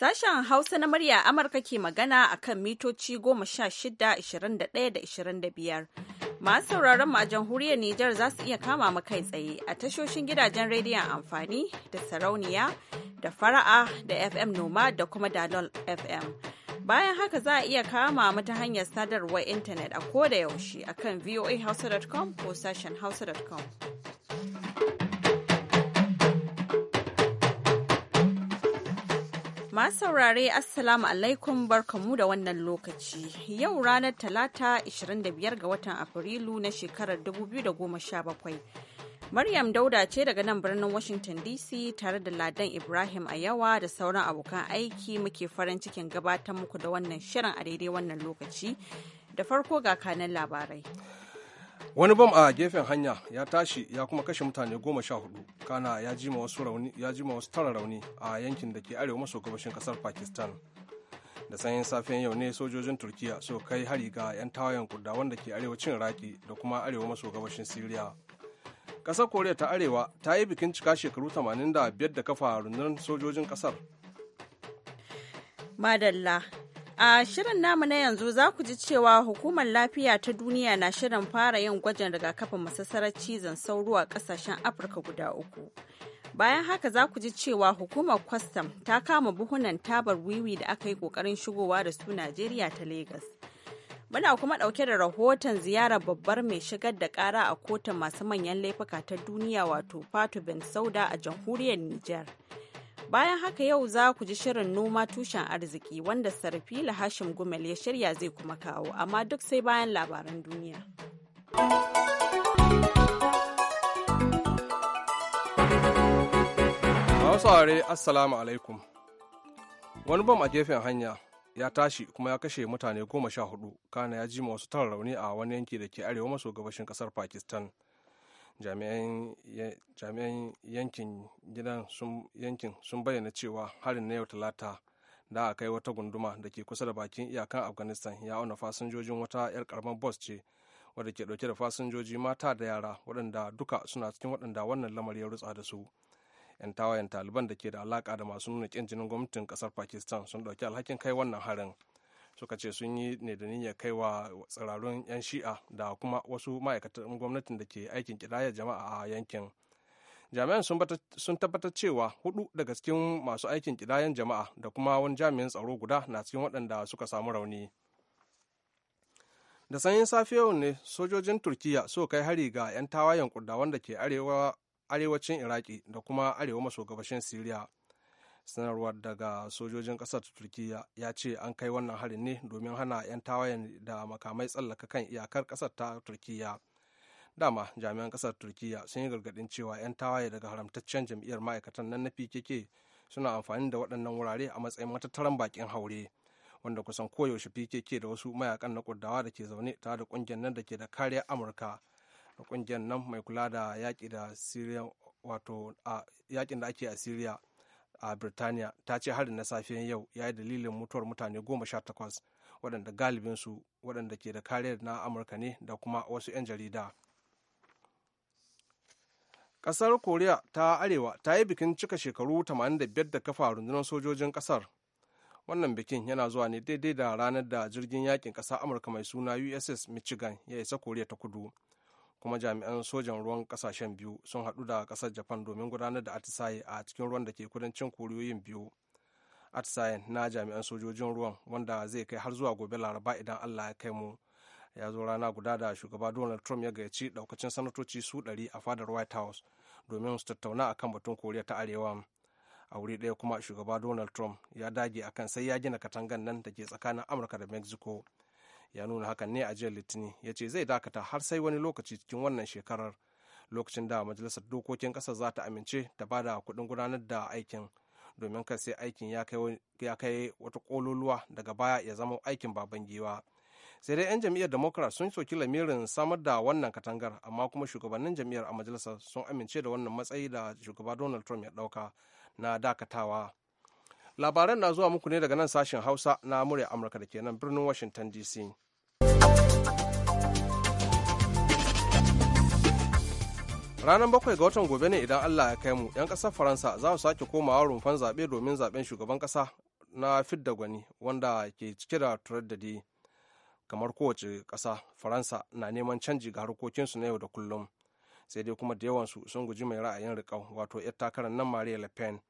Sashen Hausa na murya Amurka ke magana a kan mitoci 16, da biyar Masu sauraron mu a jamhuriyar Nijar za su iya kama mu kai tsaye a tashoshin gidajen rediyon amfani da sarauniya da fara'a da FM Noma da kuma Dalol FM. Bayan haka za a iya kama mu ta hanyar sadarwar intanet a koda yaushe a kan voahausa.com ko sashen hausa.com. Masu saurare Assalamu alaikum barkamu da wannan lokaci. Yau ranar Talata 25 ga watan Afrilu na shekarar 2017. Maryam Dauda ce daga nan birnin Washington DC tare da Ladan Ibrahim a da sauran abokan aiki muke farin cikin gabatar muku da wannan shirin a daidai wannan lokaci. Da farko ga kanan labarai. wani bom a gefen hanya ya tashi ya kuma kashe mutane goma sha hudu kana ya jima wasu rauni wasu tara rauni a yankin da ke arewa maso gabashin kasar pakistan da sanyin safiyan yau ne sojojin turkiya so kai hari ga 'yan tawayen kudda wanda ke arewacin iraki da kuma arewa maso gabashin siriya kasar koriya ta arewa ta yi bikin cika shekaru 85 da kafa rundunar sojojin kasar madalla A shirin namu na yanzu za ku ji cewa hukumar lafiya ta duniya na shirin fara yin gwajin rigakafin masassarar cizon sauro a kasashen Afirka guda uku. Bayan haka za ku ji cewa hukumar kwastam ta kama buhunan tabar wiwi da aka yi ƙoƙarin shigowa da su Najeriya ta Legas. Muna kuma ɗauke da rahoton ziyarar babbar mai shigar da ƙara a kotun masu manyan laifuka ta duniya wato Fatu Ben Sauda a jamhuriyar Nijar. Bayan haka yau za ku ji shirin noma tushen arziki wanda sarfi Hashim Gumel ya shirya zai kuma kawo, amma duk sai bayan labaran duniya. are Assalamu alaikum. Wani bam a gefen hanya ya tashi kuma ya kashe mutane goma sha hudu, kana ya ji wasu tara rauni a wani yanki da ke arewa maso gabashin kasar Pakistan. jami'an yankin sun bayyana cewa harin na yau talata da aka kai wata gunduma da ke kusa da bakin iyakan afghanistan ya auna fasinjojin wata 'yar karamar bus ce wadda ke dauke da fasinjoji mata da yara waɗanda duka suna cikin waɗanda wannan lamari ya rutsa da su 'yan tawayen taliban da ke da alaka da masu nuna ƙin jinin gwamnatin ƙasar pakistan sun ɗauki alhakin kai wannan harin suka ce sun yi ne da niyyar kai wa tsirarun 'yan shi'a da kuma wasu ma'aikatan gwamnatin da ke aikin kidayar jama'a a yankin jami'an sun tabbatar cewa hudu daga cikin masu aikin kidayen jama'a da kuma wani jami'in tsaro guda na cikin waɗanda suka samu rauni da sanyin safiyar ne sojojin turkiya suka kai hari ga 'yan tawayen kurdawan da ke arewacin iraki da kuma arewa maso gabashin siriya sanarwar daga sojojin kasar turkiya ya ce an kai wannan harin ne domin hana 'yan tawayen da makamai tsallaka kan iyakar kasarta ta turkiya dama jami'an kasar turkiya sun yi gargadin cewa 'yan tawaye daga haramtaccen jam'iyyar ma'aikatan nan na pkk suna amfani da waɗannan wurare a matsayin matattaran bakin haure wanda kusan koyaushe pkk da wasu mayakan na kurdawa da ke zaune tare da ƙungiyar nan da ke da kariyar amurka da ƙungiyar nan mai kula da yaƙi da siriya wato a yaƙin da ake a siriya a birtaniya ta ce harin na safiyan yau ya yi dalilin mutuwar mutane goma sha takwas waɗanda galibinsu waɗanda ke da kariyar na amurka ne da kuma wasu 'yan jarida ƙasar koriya ta arewa ta yi bikin cika shekaru 85 da kafa rundunar sojojin ƙasar wannan bikin yana zuwa ne daidai da ranar da jirgin yakin ƙasar amurka mai suna uss michigan ya isa koriya ta kudu kuma jami'an sojan ruwan kasashen biyu sun haɗu da kasar japan domin gudanar da atisaye a cikin ruwan da ke kudancin koriyoyin biyu atisaye na jami'an sojojin ruwan wanda zai kai har zuwa gobe laraba idan allah ya kai mu ya zo rana guda da shugaba donald trump ya gayyaci daukacin sanatoci su ɗari a fadar white house domin su tattauna kan batun koriya ta arewa a wuri ɗaya kuma shugaba donald trump ya dage akan sai ya gina katangan nan da ke tsakanin amurka da mexico ya nuna hakan ne a jiya litini ya ce zai dakata har sai wani lokaci cikin wannan shekarar lokacin da majalisar dokokin ƙasar za ta amince ta ba da kuɗin gudanar da aikin domin kar sai aikin ya kai wata ƙololuwa daga baya ya zama aikin baban giwa sai dai 'yan jam'iyyar democrat sun soki lamirin samar da wannan katangar amma kuma shugabannin jam'iyyar a majalisar sun amince da wannan matsayi da shugaba donald trump ya ɗauka na dakatawa labaran na zuwa muku ne daga nan sashen hausa na murya amurka da ke nan birnin washington dc ranar bakwai ga watan gobe ne idan allah ya kai mu 'yan kasar faransa za su sake komawa rumfan zaɓe domin zaɓen shugaban ƙasa na fidda gwani wanda ke cike da turar kamar kowace kasa faransa na neman canji ga harkokinsu na yau da kullum sai dai kuma da yawansu sun guji mai ra'ayin riƙau wato 'yar takarar nan maria le pen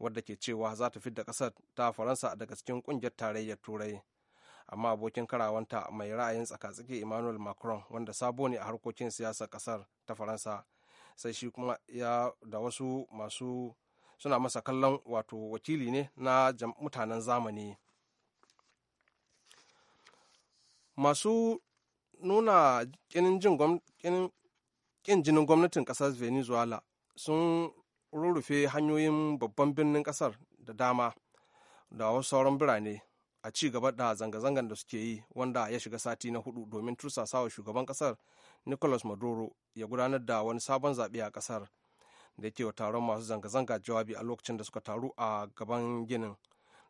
wadda ke cewa za ta fidda ƙasar ta faransa daga cikin ƙungiyar tarayyar turai amma abokin karawanta mai ra'ayin tsaka-tsaki emmanuel macron wanda sabo ne a harkokin siyasar ƙasar ta faransa sai shi kuma ya da wasu masu suna masa kallon wato wakili ne na mutanen zamani masu nuna ƙin jinin gwamnatin kasar venezuela sun rurrufe hanyoyin babban birnin kasar da dama da wasu sauran birane a ci gaba da zanga-zangan da suke yi wanda ya shiga sati na hudu domin tursasawa shugaban kasar nicolas maduro ya gudanar da wani sabon zaɓe a kasar da yake wa taron masu zanga-zanga jawabi a lokacin da suka taru a gaban ginin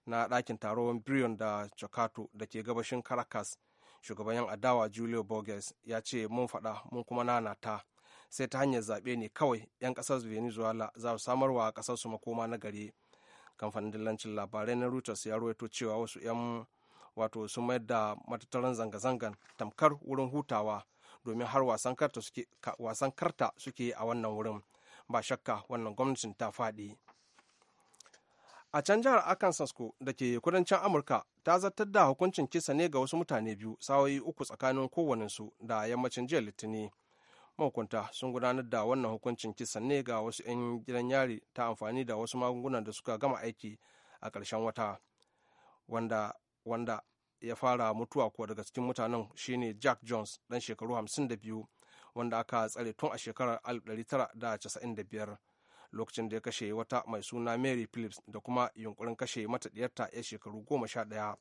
na ɗakin taron brion da chocato da ke gabashin caracas shugaban yan adawa julio borges ya ce mun faɗa mun kuma nanata sai ta hanyar zaɓe ne kawai 'yan ƙasar venezuela za su wa ƙasar su makoma na gari kamfanin dillancin labarai na reuters ya ruwaito cewa wasu 'yan wato sun mayar da matattaran zanga-zangan tamkar wurin hutawa domin har wasan karta suke a wannan wurin ba shakka wannan gwamnatin ta faɗi a can jihar arkansas da ke kudancin amurka ta zartar da hukuncin kisa ne ga wasu mutane biyu sa'o'i uku tsakanin su da yammacin jiya litinin mahukunta sun gudanar da wannan hukuncin kisan ne ga wasu 'yan gidan yari ta amfani da wasu magungunan da suka gama aiki a ƙarshen wata wanda wanda ya fara mutuwa ko daga cikin mutanen shine jack jones dan shekaru 52 wanda aka tsare tun a shekarar 1995 lokacin da ya kashe wata mai suna mary phillips da kuma yunkurin kashe mata diyarta ya shekaru 11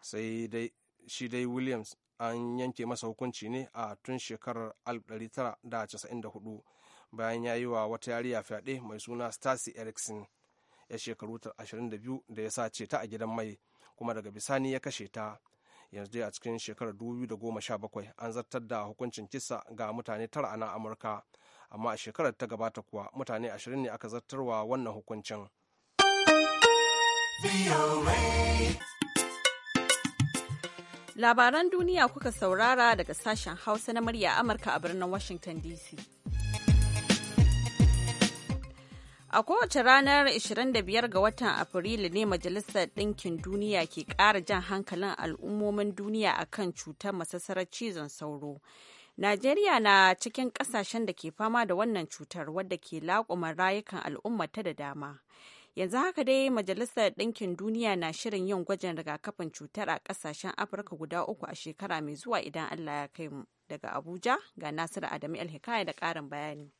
sai dai shi dai williams an yanke masa hukunci ne a tun shekarar 1994 bayan ya yi wa wata yariya fyaɗe mai suna stacy erickson ya shekaru 22 da ya sace ta a gidan mai kuma daga bisani ya kashe ta yanzu dai a cikin shekarar 2017 an zartar da hukuncin kisa ga mutane tara a nan amurka amma a shekarar ta gabata kuwa mutane 20 ne aka zartarwa wannan hukuncin. Labaran duniya kuka saurara daga sashen Hausa na murya Amurka a birnin Washington DC. A kowace ranar 25 ga watan Afrilu ne Majalisar Ɗinkin Duniya ke ƙara jan hankalin al'ummomin duniya a kan cutar masassarar cizon sauro. Najeriya na cikin ƙasashen da ke fama da wannan cutar wadda ke laƙuma rayukan al'ummata da dama. yanzu haka dai majalisar ɗinkin duniya na shirin yin gwajin rigakafin cutar a ƙasashen afirka guda uku a shekara mai zuwa idan allah ya kai mu daga abuja ga nasiru adamu alhikaya da ƙarin bayani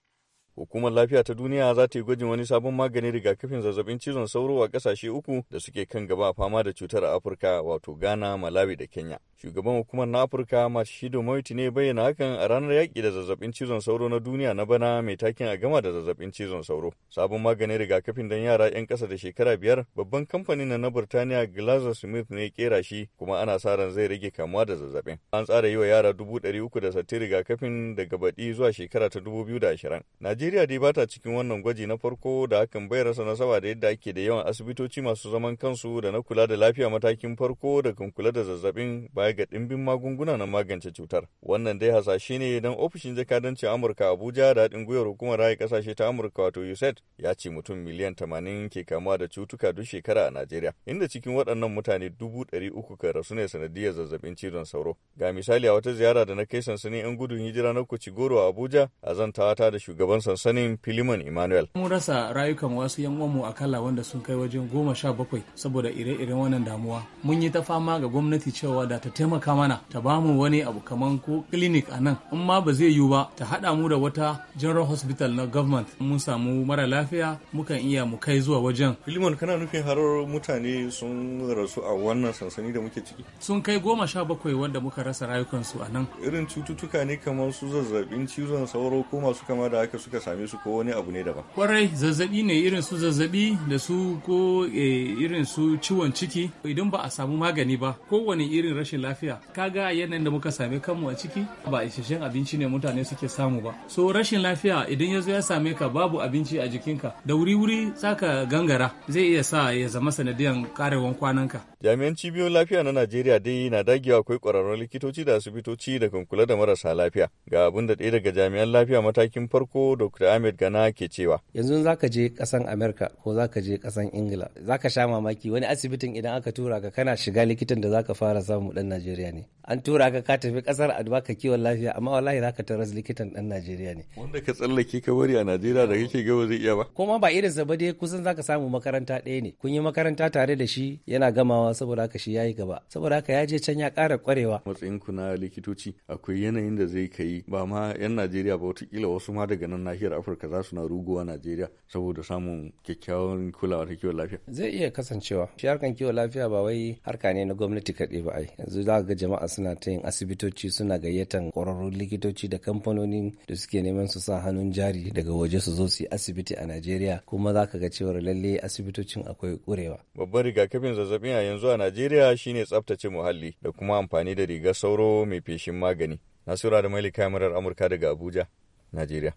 Hukumar Lafiya ta Duniya za ta yi gwajin wani sabon maganin rigakafin zazzabin cizon sauro a kasashe uku da suke kan gaba a fama da cutar a Afirka wato Ghana, Malawi da Kenya. Shugaban hukumar na Afirka Mashido Moiti ne bayyana hakan a ranar yaƙi da zazzabin cizon sauro na duniya na bana mai takin a gama da zazzabin cizon sauro. Sabon maganin rigakafin don yara 'yan kasa da shekara biyar babban kamfanin na Burtaniya Smith ne kera shi kuma ana sa ran zai rage kamuwa da zazzabin. An tsara yi wa yara dubu ɗari uku da rigakafin daga baɗi zuwa shekara ta dubu biyu da ashirin. Najeriya dai bata cikin wannan gwaji na farko da hakan bai rasa nasaba da yadda ake da yawan asibitoci masu zaman kansu da na kula da lafiya matakin farko da kan kula da zazzabin baya ga dimbin magunguna na magance cutar. Wannan dai hasashe ne don ofishin jakadancin Amurka Abuja da haɗin gwiwar hukumar raya ƙasashe ta Amurka wato USAID ya ce mutum miliyan tamanin ke kamuwa da cutuka duk shekara a Najeriya inda cikin waɗannan mutane dubu ɗari uku kan rasu ne sanadiyar zazzabin cizon sauro. Ga misali a wata ziyara da na kai sansanin 'yan gudun hijira na Kucigoro a Abuja a zantawa ta da shugaban sansanin Filiman Emmanuel. Mun rasa rayukan wasu yan uwanmu a kala wanda sun kai wajen goma sha bakwai saboda ire-iren wannan damuwa. Mun yi ta fama ga gwamnati cewa da ta taimaka mana ta ba mu wani abu kaman ko clinic a nan. In ma ba zai yiwu ba ta haɗa mu da wata General Hospital na government. Mun samu mara lafiya mukan iya mu kai zuwa wajen. Filiman kana nufin har mutane sun rasu a wannan sansani da muke ciki. Sun kai goma sha bakwai wanda muka rasa rayukansu a nan. Irin cututtuka ne kamar su zazzabin cizon sauro ko masu kama da haka suka same su ko wani abu ne daban kwarai zazzabi ne irin su zazzabi da su ko eh, irin su ciwon ciki idan ba a samu magani ba kowane irin rashin lafiya ka ga yanayin da muka same kanmu a ciki ba isasshen abinci ne mutane suke samu ba so rashin lafiya idan ya zo ya same ka babu abinci a jikinka da wuri wuri zaka gangara zai iya sa ya zama sanadiyan karewan kwananka Jami'an cibiyoyin lafiya na Najeriya dai na dagewa akwai kwararrun likitoci da asibitoci da kan kula da marasa lafiya. Ga abin da daga jami'an lafiya matakin farko Dr. Ahmed Gana ke cewa. Yanzu za ka je ƙasan Amerika ko za ka je ƙasan Ingila za ka sha mamaki wani asibitin idan aka tura ka kana shiga likitan da za ka fara samu dan Najeriya ne. An tura ka ka tafi kasar a ka kiwon lafiya amma wallahi za ka taras likitan dan Najeriya ne. Wanda ka tsallake ka bari a Najeriya da kake gaba zai iya ba. Kuma ba irin ba dai kusan za ka samu makaranta ɗaya ne. Kun yi makaranta tare da shi yana gamawa saboda haka shi ya yi gaba saboda haka ya je can ya ƙara ƙwarewa matsayin ku na likitoci akwai yanayin da zai kai ba ma yan Najeriya ba watakila wasu ma daga nan nahiyar Afirka za su na ruguwa Najeriya saboda samun kyakkyawan kulawa ta kiwon lafiya zai iya kasancewa shi harkan kiwon lafiya ba wai harka ne na gwamnati kaɗai ba ai yanzu za ga jama'a suna ta yin asibitoci suna gayyatan ƙwararrun likitoci da kamfanonin da suke neman su sa hannun jari daga waje su zo su yi asibiti a Najeriya kuma za ka ga cewar lalle asibitocin akwai ƙurewa babbar rigakafin zazzabin a yanzu zuwa Najeriya shine tsaftace muhalli da kuma amfani da rigar sauro mai feshin magani. Nasura da Maili kamarar Amurka daga Abuja, Najeriya.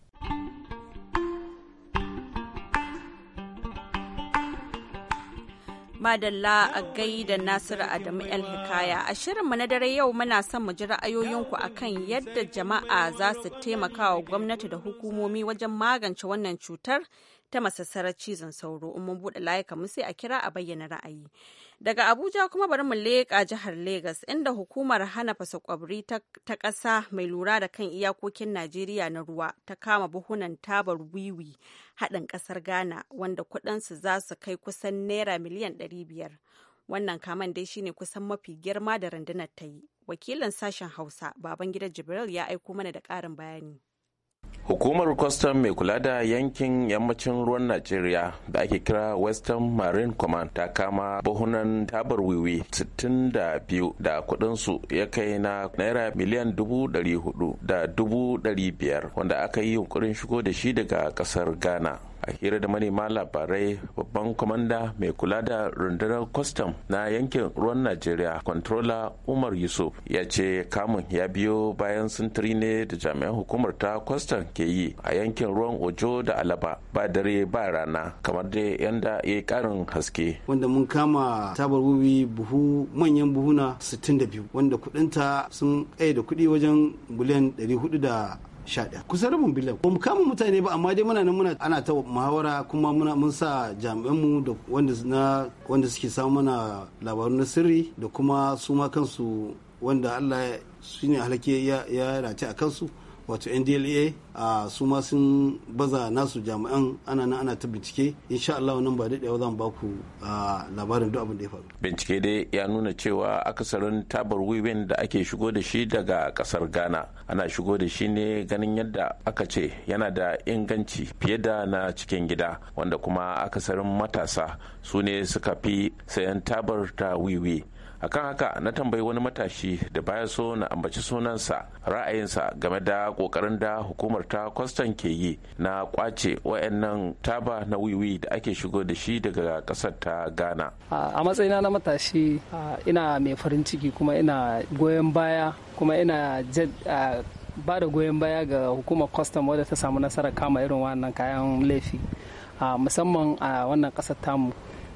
Madalla a da Nasiru Adamu El Hikaya. A shirinmu na dare yau muna son mu ji ra'ayoyinku akan yadda jama'a za su taimaka wa gwamnati da hukumomi wajen magance wannan cutar ta masassarar cizon sauro in mun buɗe layuka mu sai a kira a bayyana ra'ayi daga abuja kuma bari mu leƙa jihar lagos inda hukumar hana fasa kwabri ta ƙasa mai lura da kan iyakokin najeriya na ruwa ta kama buhunan tabar wiwi haɗin ƙasar ghana wanda kuɗinsu za su kai kusan naira miliyan ɗari biyar wannan kaman dai shine kusan mafi girma da rundunar ta yi wakilin sashen hausa baban gidan jibril ya aiko mana da ƙarin bayani hukumar kwastam mai kula da yankin yammacin ruwan najeriya da ake kira western marine command ta kama buhunan tabar wiwi 62 da kudinsu ya kai na naira miliyan hudu da biyar wanda aka yi yunkurin shigo da shi daga kasar ghana a hira da manema labarai babban kwamanda mai kula da rundunar kwastam na yankin ruwan najeriya controller umar yusuf ya ce kamun ya biyo bayan sintiri ne da jami'an hukumar ta kwastam ke yi a yankin ruwan ojo da alaba ba dare ba rana kamar dai yanda ya yi karin haske wanda mun kama tabar wubi buhu manyan buhuna 62 wanda kudinta sun da kudi wajen biliyan 400 11 kusan rabin biliyan ba mu kama mutane ba amma dai muna nan muna ana ta muhawara kuma muna mun sa jami'an mu da wanda na wanda suke samu mana labaru na sirri da kuma su ma kansu wanda Allah shine halake ya ya race a kansu wato ndla a su sun baza nasu jami'an ana nan ana ta bincike insha Allah nan ba daɗewa zan ba ku labarin duk abin da ya faru bincike dai ya nuna cewa akasarin tabar wiwin da ake shigo da shi daga kasar ghana ana shigo da shi ne ganin yadda aka ce yana da inganci fiye da na cikin gida wanda kuma akasarin matasa su ne suka fi sayan tabar ta wiwi akan haka na tambayi wani matashi da baya so na ambaci sunansa ra'ayinsa game da kokarin da hukumar ta kwastan ke yi na kwace wayannan taba na wiwi da ake shigo da shi daga kasar ta ghana a matsayina na matashi ina mai farin ciki kuma ina goyon baya kuma ina ba da goyon baya ga hukumar kwastan wadda ta samu nasara kama irin wannan kayan laifi musamman a wannan kasar tamu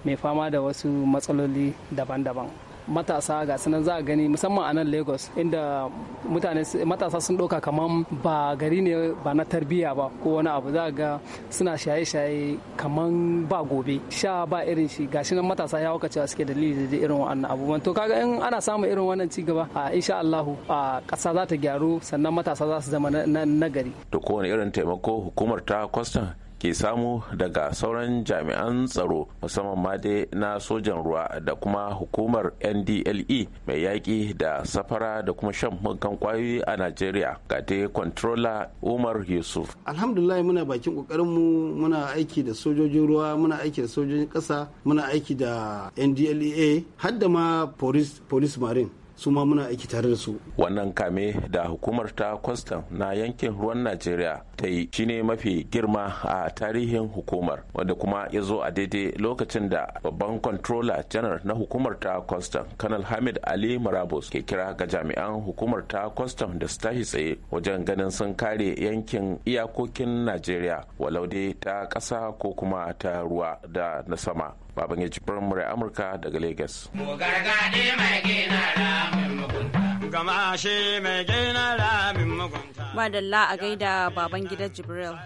mai fama da wasu matsaloli daban-daban matasa ga sanan za a gani musamman a nan lagos inda mutane matasa sun ɗauka kamar ba gari ne ba na tarbiyya ba ko wani abu za ga suna shaye-shaye kamar ba gobe sha ba irin shi gashi nan matasa ya waka cewa suke dalili da irin wannan abubuwan to kaga in ana samun irin wannan ci gaba a insha Allahu a ƙasa za ta gyaru sannan matasa za su zama na gari to kowane irin taimako hukumar ta kwastan ke samu daga sauran jami'an tsaro musamman ma dai na sojan ruwa da kuma hukumar ndle mai yaƙi da safara da kuma shan mukan kwayoyi a nigeria ga dai controller umar yusuf alhamdulillah muna bakin ƙoƙarinmu muna aiki da sojojin ruwa muna aiki da sojojin ƙasa muna aiki da ndlea har da ma police, marine su ma muna aiki tare da su. Wannan kame da hukumar ta kwastam na yankin ruwan Najeriya ta yi ne mafi girma a tarihin hukumar wanda kuma ya zo a daidai lokacin da babban controller Janar na hukumar ta custom kanal hamid ali marabus ke kira ga jami'an hukumar ta custom da su tashi tsaye wajen ganin sun kare yankin iyakokin najeriya walau dai ta ƙasa ko kuma ta ruwa da na sama baban ya ci amurka daga lagos mai gina gama shi mai gina mugunta. Madalla a gaida baban gida Jibril.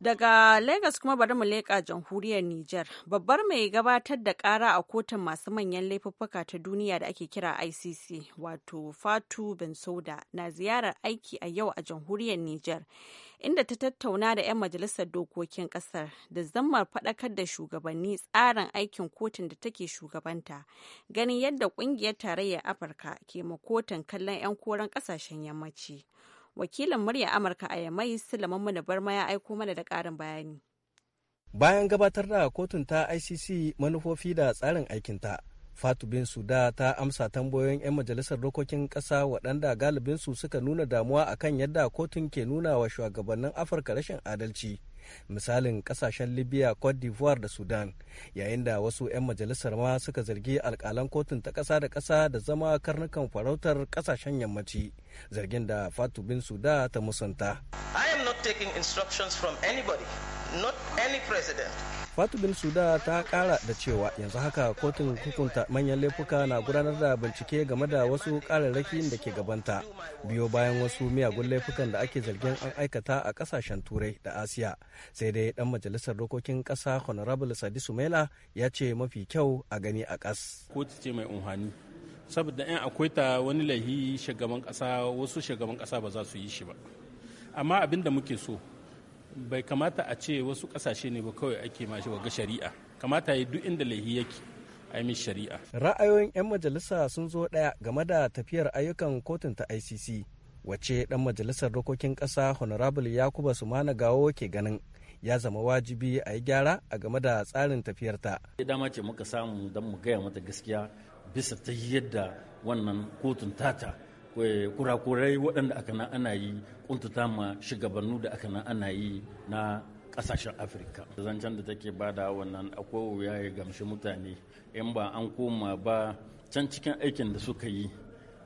Daga Legas kuma bari mu leƙa jamhuriyar Nijar, babbar mai gabatar da ƙara a kotun masu manyan laifuffuka ta duniya da ake kira ICC, wato Fatu Bensouda na ziyarar aiki a yau a jamhuriyar Nijar, inda ta tattauna da 'yan majalisar dokokin kasar da zammar faɗakar da shugabanni tsarin aikin kotun da take shugabanta ganin yadda ƙungiyar tarayyar afirka ke makotan kallon 'yan koren ƙasashen yammaci wakilin murya amurka a yamai sulaman mana barma ya aiko mana da ƙarin bayani bayan gabatar da kotun ta icc manufofi da tsarin aikinta Fatu bin Suda ta amsa tambayoyin 'yan majalisar dokokin ƙasa waɗanda galibinsu suka nuna damuwa akan yadda kotun ke nuna wa shugabannin Afirka rashin adalci. Misalin ƙasashen Libya, Cote d'Ivoire da Sudan, yayin da wasu 'yan majalisar ma suka zargi alkalan kotun ta ƙasa da ƙasa da zama karnukan farautar ƙasashen yammaci, zargin da Fatu bin Suda ta musanta. I am not taking instructions from anybody, not any president, fatu bin suda ta kara da cewa yanzu haka kotun hukunta manyan laifuka na gudanar da bincike game da wasu kararrakin da ke gabanta biyo bayan wasu miyagun laifukan da ake zargin an aikata a kasashen turai da asiya sai dai dan majalisar dokokin kasa honorable sadi sumela ya ce mafi kyau a gani a kas kotu ce mai unhani saboda yan akwai ta wani lahi shugaban kasa wasu shugaban kasa ba za su yi shi ba amma abin da muke so bai kamata a ce wasu kasashe ne ba kawai ake mashi ga shari'a kamata ya duk inda laihi yake a shari'a ra'ayoyin 'yan majalisa sun zo daya game da tafiyar ayyukan kotun ta icc wace dan majalisar dokokin kasa honorable yakuba sumana gawo ke ganin ya zama wajibi a yi gyara a game da tsarin tafiyarta. dama ce muka samu don mu gaya mata gaskiya bisa ta yi yadda wannan kotun tata kurakurai waɗanda aka na ana yi kuntata ma shugabannu da aka na ana yi na ƙasashen afirka zancen da take bada wannan akwai wuya ya gamshi mutane in ba an koma ba can cikin aikin da suka yi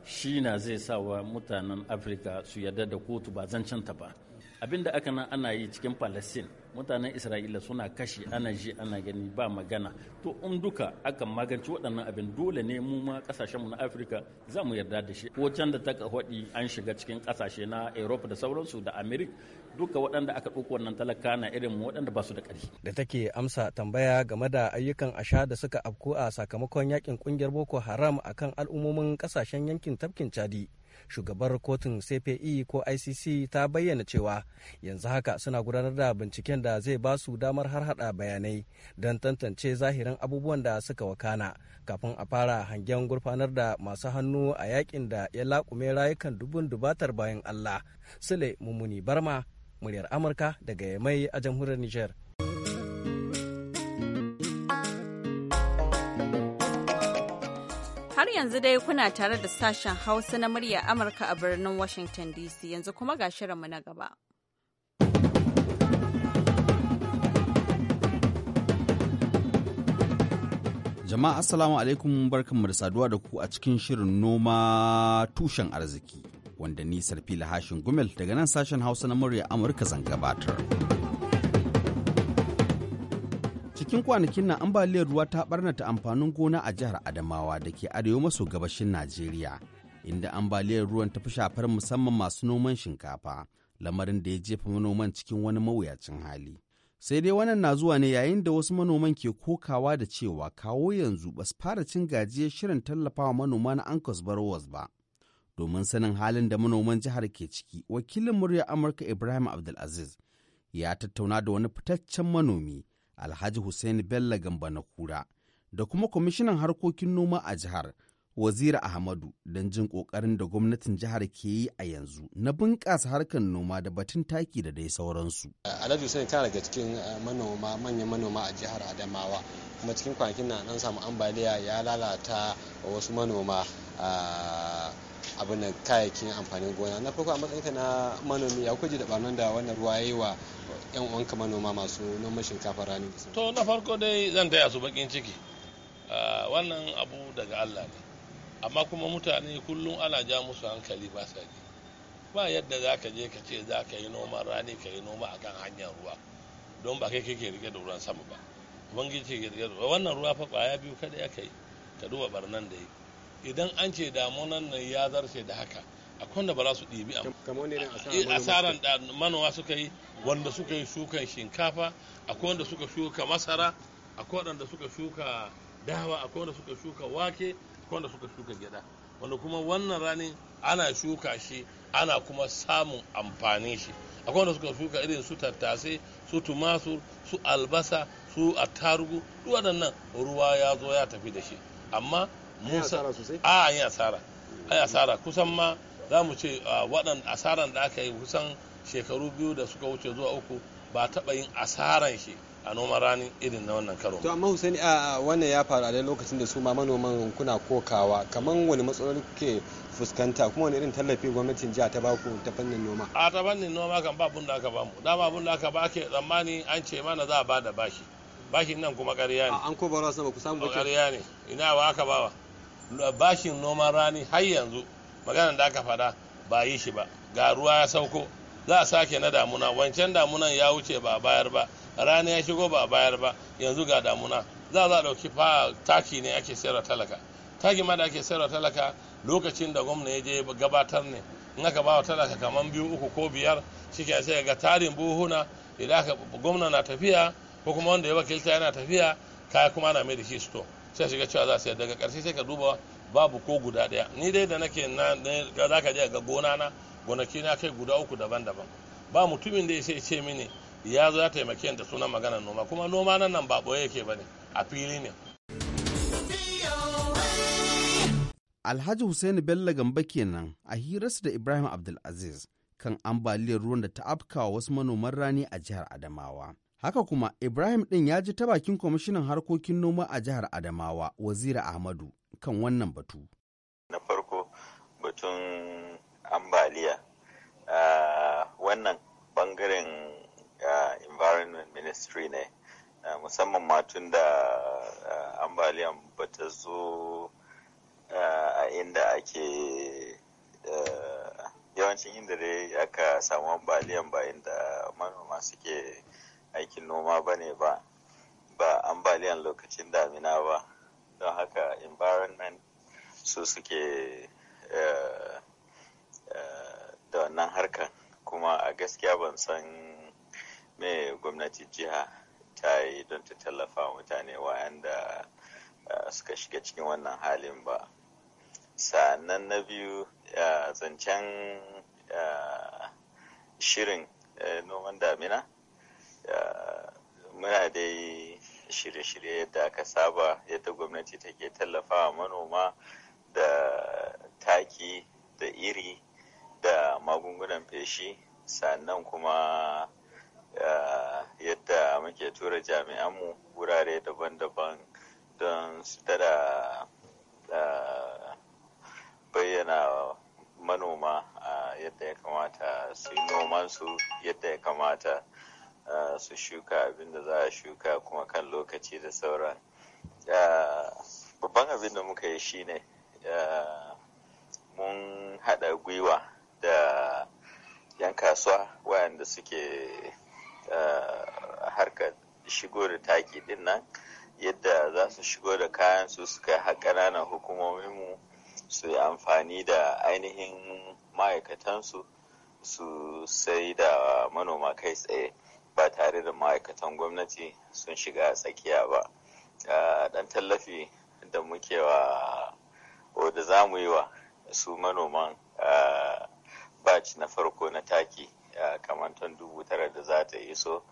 shi na zai sa wa mutanen afirka su yarda da kotu ba zancen ta ba abinda aka nan ana yi cikin palestine mutanen isra'ila suna kashe ana ji ana gani ba magana to in duka aka magance waɗannan abin dole ne mu ma ƙasashenmu na afirka za mu yarda da shi ko can da ta kahwaɗi an shiga cikin ƙasashe na europe da sauransu da america duka waɗanda aka ɗauko wannan talaka na irin mu waɗanda ba su da ƙarfi da take amsa tambaya game da ayyukan asha da suka afko a sakamakon yakin ƙungiyar boko haram akan al'ummomin ƙasashen yankin tafkin chadi shugabar kotun cpe ko icc ta bayyana cewa yanzu haka suna gudanar da binciken da zai ba su damar har hada bayanai don tantance zahirin abubuwan da suka wakana kafin a fara hangen gurfanar da masu hannu a yakin da ya laƙume rayukan dubun dubatar bayan allah sule mummuni barma muryar amurka daga yamai a jamhuriyar niger yanzu dai kuna tare da sashen Hausa na murya Amurka a birnin Washington DC yanzu kuma ga shirinmu na gaba. Jama'a Assalamu alaikum barkanmu da saduwa da ku a cikin shirin noma tushen arziki wanda ni Sarfila Hashin Gumel daga nan sashen Hausa na murya Amurka zan gabatar. cikin kwanakin nan ambaliyar ruwa ta barnata amfanin gona a jihar adamawa da ke arewa maso gabashin najeriya inda ambaliyar ruwan ta fi shafar musamman masu noman shinkafa lamarin da ya jefa manoman cikin wani mawuyacin hali sai dai wannan na zuwa ne yayin da wasu manoman ke kokawa da cewa kawo yanzu ba su fara cin gajiyar shirin tallafawa manoma na ankos barrows ba domin sanin halin da manoman jihar ke ciki wakilin muryar amurka ibrahim abdulaziz ya tattauna da wani fitaccen manomi alhaji hussein bello gamba na kura da kuma kwamishinan harkokin noma a jihar wazira ahmadu don jin kokarin da gwamnatin jihar ke yi a yanzu na bunƙasa harkar noma da batun taki da dai sauransu alhaji hussein tana daga cikin eh, manoma manyan manoma a jihar adamawa kuma cikin kwanakin nan an samu ambaliya ya lalata wasu manoma ah, abin kayayyakin amfanin gona na farko a matsayinka na manomi ya kuji da ɓarnar da wannan ruwa ya yi wa yan uwanka manoma masu noman shinkafa rani to na farko dai zan taya su bakin ciki ah, wannan abu daga allah ne amma kuma mutane kullum ana ja musu hankali ba sa ji ba yadda za ka je ka ce za ka yi noman rani ka yi noma akan hanyar ruwa don ba kai kake rike da ruwan sama ba ubangiji ke rike da wannan ruwa fa kwaya biyu kada ya kai ka duba barnan da yi idan an ce damunan nan ya zarce da haka akwai wanda ba za su ɗibi eh, a asaran da manowa suka yi wanda suka yi shukan shinkafa akwai wanda suka shuka masara akwai wanda suka shuka dawa akwai wanda suka shuka wake akwai wanda suka shuka gyada wanda kuma wannan rani ana shuka shi ana kuma samun amfanin shi akwai wanda suka shuka irin su tattasai su tumatur su albasa su attarugu duk waɗannan ruwa ya zo ya tafi da shi amma musa a yi asara ai asara kusan ma za mu ce waɗanda asaran da aka yi kusan shekaru biyu da suka wuce zuwa uku ba taɓa yin asaran shi a noman rani irin na wannan karo. To amma Hussein a wannan ya faru a lokacin da su ma manoman kuna kokawa kamar wani matsaloli kuke fuskanta kuma wani irin tallafi gwamnatin jiha ta baku ta fannin noma. A ta fannin noma kan ba abun da aka bamu dama abun da aka ba ke tsammani an ce mana za a ba da bashi bashin nan kuma ƙarya ne. An ko ba ku samu ba ƙarya ne ina wa aka wa bashin noman rani har yanzu maganar da aka faɗa ba yi shi ba ga ruwa ya sauko za a sake na damuna wancan damunan ya wuce ba bayar ba rana ya shigo ba bayar ba yanzu ga damuna za za ɗauki fa taki ne ake sayarwa talaka taki ma da ake sayarwa talaka lokacin da gwamna ya je gabatar ne in aka ba wa talaka kamar biyu uku ko biyar shike sai ga tarin buhuna idan aka gwamna na tafiya ko kuma wanda ya wakilta yana tafiya kaya kuma na mai da shi sto sai shiga cewa za su sayar daga karshe sai ka duba babu ko guda daya ni dai da nake na za ka je ga gona na gonaki na kai guda uku daban-daban ba mutumin da ya sai ce mini ya zo ya taimake da sunan maganar noma kuma noma nan nan ba boye yake bane a fili ne Alhaji Hussein Bello Gamba kenan a hirarsa da Ibrahim Abdulaziz kan ambaliyar ruwan da ta afkawa wasu manoman rani a jihar Adamawa. Haka kuma Ibrahim ɗin ya ji ta bakin kwamishinan harkokin noma a jihar Adamawa, Wazira Ahmadu, kan wannan batu. Na farko batun ambaliya. Uh, wannan bangaren uh, environment ministry ne uh, musamman matun da uh, ambaliyan bata zo a inda ake uh, yawancin inda dai aka samu ambaliyan ba inda manoma suke aikin noma ba ne ba ba ambaliyan lokacin damina ba don haka environment su suke eh, eh, da wannan harkar kuma a gaskiya ban san me gwamnati jiha ta yi don ta tallafa mutane wayanda eh, suka shiga cikin wannan halin ba sannan na biyu zancen shirin noman damina muna dai shirye-shirye yadda aka saba yadda gwamnati take tallafawa manoma da taki da iri da magungunan feshi sannan kuma yadda muke tura jami'an mu wurare daban-daban don su tada bayyana manoma yadda ya kamata su yi nomansu yadda ya kamata Eh, su shuka abin da za a shuka kuma kan lokaci da sauran eh, babban abin da muka yi shine eh, mun haɗa gwiwa da 'yan kasuwa wayanda suke harkar shigo da taki din nan yadda za su shigo da kayan su suka haƙa ƙananan hukumominmu su yi amfani da ainihin ma'aikatansu su sai da manoma kai tsaye ba tare da ma'aikatan gwamnati sun shiga tsakiya ba dan tallafi da muke wa ko za mu yi wa su manoman baci na farko na taki Kamantan ton dubu tara da za ta yi iso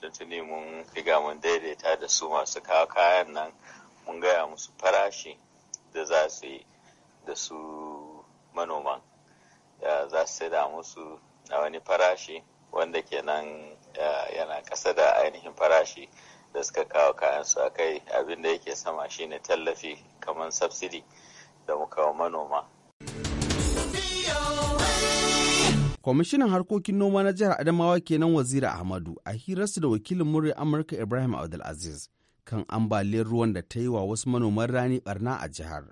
tuntuni mun riga mun daidaita da su masu kawo kayan nan mun gaya musu farashi da za su yi da su manoman za su da musu na wani farashi wanda kenan yana ƙasa da ainihin farashi da suka kawo kayansu a kai abin da yake sama shine tallafi kamar subsidy da muka wa manoma. Kwamishinan harkokin noma na jihar Adamawa kenan Wazira Ahmadu a hirarsu da wakilin murya Amurka Ibrahim Abdulaziz kan ambaliyar ruwan da ta yi wa wasu manoman rani barna a jihar.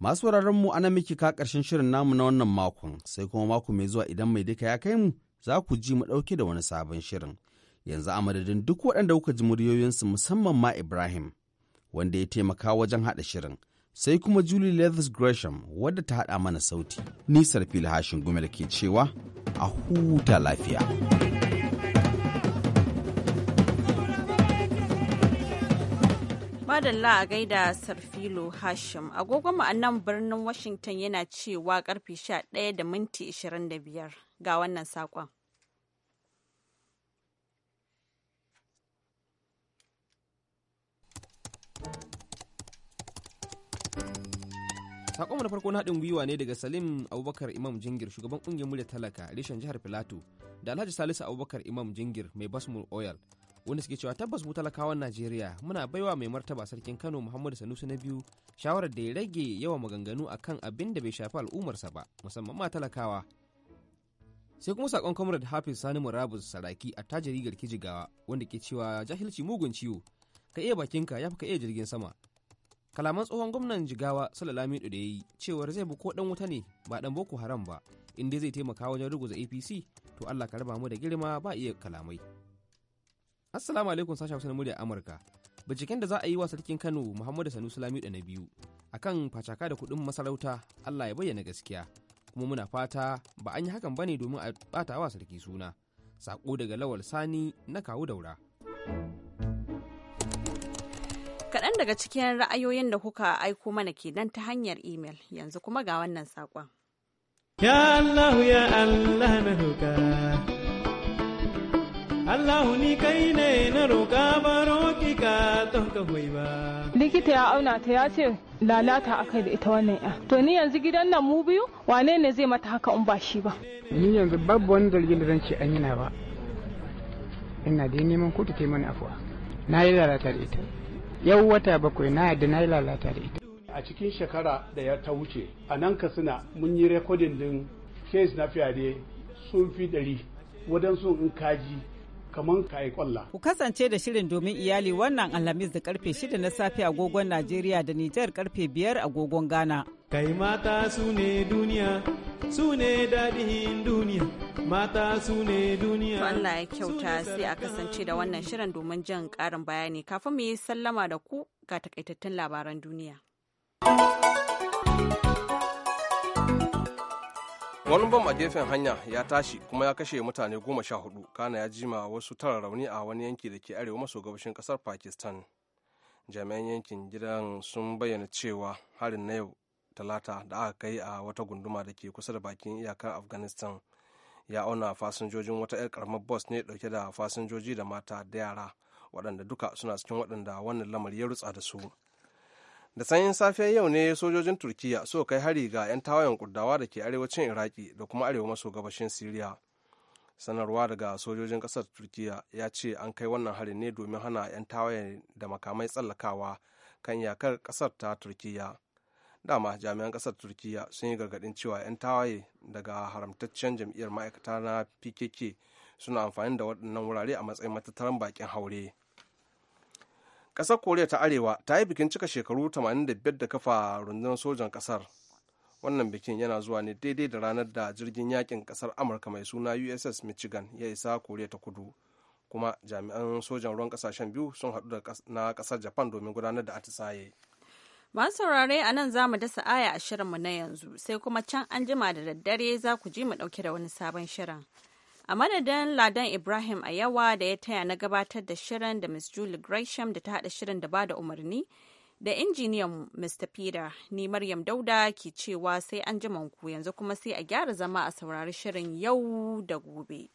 Masu wararen mu ana miki ka ƙarshen shirin namu na wannan makon sai kuma mako mai zuwa idan mai duka ya kai mu za ku ji mu ɗauke da wani sabon shirin. Yanzu a madadin duk waɗanda kuka ji muryoyinsu musamman ma Ibrahim, wanda ya taimaka wajen haɗa shirin. Sai kuma Julie Leathers Gresham wadda ta haɗa mana sauti. Nisar fili hashin gumel ke cewa a huta lafiya. madalla a gaida sarfilo hashim agogon mu a nan birnin washington yana cewa karfe 11 da minti 25 ga wannan saƙon. Sakon da farko na haɗin gwiwa ne daga Salim Abubakar Imam Jingir shugaban ƙungiyar murya talaka reshen jihar Filato da Alhaji Salisu Abubakar Imam Jingir mai basmul oil wanda suke cewa tabbas mu talakawan Najeriya muna baiwa mai martaba sarkin Kano Muhammadu Sanusi na biyu shawarar da ya rage yawan maganganu akan abin da bai shafi al'ummarsa ba musamman ma talakawa sai kuma sakon comrade hafiz sani murabus saraki a tajiri garki jigawa wanda ke cewa jahilci mugun ciwo ka iya bakinka ya fi ka iya jirgin sama kalaman tsohon gwamnan jigawa salalami da ya yi cewar zai bi ko dan wuta ne ba dan boko haram ba in dai zai taimaka wajen ruguza apc to allah ka raba mu da girma ba iya kalamai assalamu alaikum sashen wasu na murya amurka binciken da za a yi wa sarkin kano muhammadu sanusi lamido na biyu akan facaka da kuɗin masarauta allah ya bayyana gaskiya kuma muna fata ba an yi hakan bane domin a bata wa sarki suna sako daga lawal sani na kawo daura kaɗan daga cikin ra'ayoyin da kuka aiko mana kenan ta hanyar imel yanzu kuma ga wannan saƙon ya allahu ya allah na hukar Allahu ni kai ne na roƙa baro ki ka don ka ba. Likita ya auna ta ya ce lalata akai da ita wannan ya. To ni yanzu gidan nan mu biyu wane ne zai mata haka in ba shi ba. Ni yanzu babu wani zargin da zan ce an yana ba. Ina dai neman kotu ta yi mana afuwa. Na yi lalata da ita. Yau wata bakwai na yadda na yi lalata da ita. A cikin shekara da ya ta wuce a nan Katsina mun yi rekodin din kes na fiyade sun fi ɗari wadansu in kaji kamar ka kwalla. Ku kasance da shirin domin iyali wannan Alhamis da karfe 6 na safe agogon Najeriya da Nijar karfe 5 agogon Ghana. Kai mata su ne duniya, su ne dadihin duniya, mata su ne duniya. Allah ya kyauta sai a kasance da wannan shirin domin jan karin bayani kafin mu yi sallama da ku ga takaitattun labaran duniya. wani bom a gefen hanya ya tashi kuma ya kashe mutane goma sha hudu kana ya jima wasu tara rauni a wani yanki da ke arewa maso gabashin kasar pakistan jami'an yankin gidan sun bayyana cewa harin na yau talata da aka kai a wata gunduma da ke kusa da bakin iyakar afghanistan ya auna fasinjojin wata 'yar karamar bus ne dauke da fasinjoji da mata da yara waɗanda duka suna cikin waɗanda wannan lamari ya rutsa da su da sanyin safiyar yau ne sojojin turkiya suka kai hari ga 'yan tawayen kurdawa da ke arewacin iraki da kuma arewa maso gabashin siriya sanarwa daga sojojin kasar turkiya ya ce an kai wannan hari ne domin hana 'yan tawayen da makamai tsallakawa kan iyakar kasar ta turkiya dama jami'an kasar turkiya sun yi gargadin cewa 'yan tawaye daga haramtaccen jam'iyyar ma'aikata na pkk suna amfani da waɗannan wurare a matsayin matattaran bakin haure ƙasar koriya ta arewa ta yi bikin cika shekaru 85 da kafa rundunar sojan kasar wannan bikin yana zuwa ne daidai da ranar da jirgin yakin kasar amurka mai suna uss michigan ya isa koriya ta kudu kuma jami'an sojan ruwan kasashen biyu sun haɗu na ƙasar japan domin gudanar da atisaye Masu saurare a nan za mu dasa aya a shirinmu na yanzu sai kuma can an jima da daddare za ku ji mu ɗauke da wani sabon shirin. a madadin ladan ibrahim a yawa da ya taya na gabatar da shirin da miss julie gresham da ta hada shirin da ba da umarni da injiniyan mr peter ni maryam dauda ke cewa sai an ku yanzu kuma sai a gyara zama a saurari shirin yau da gobe.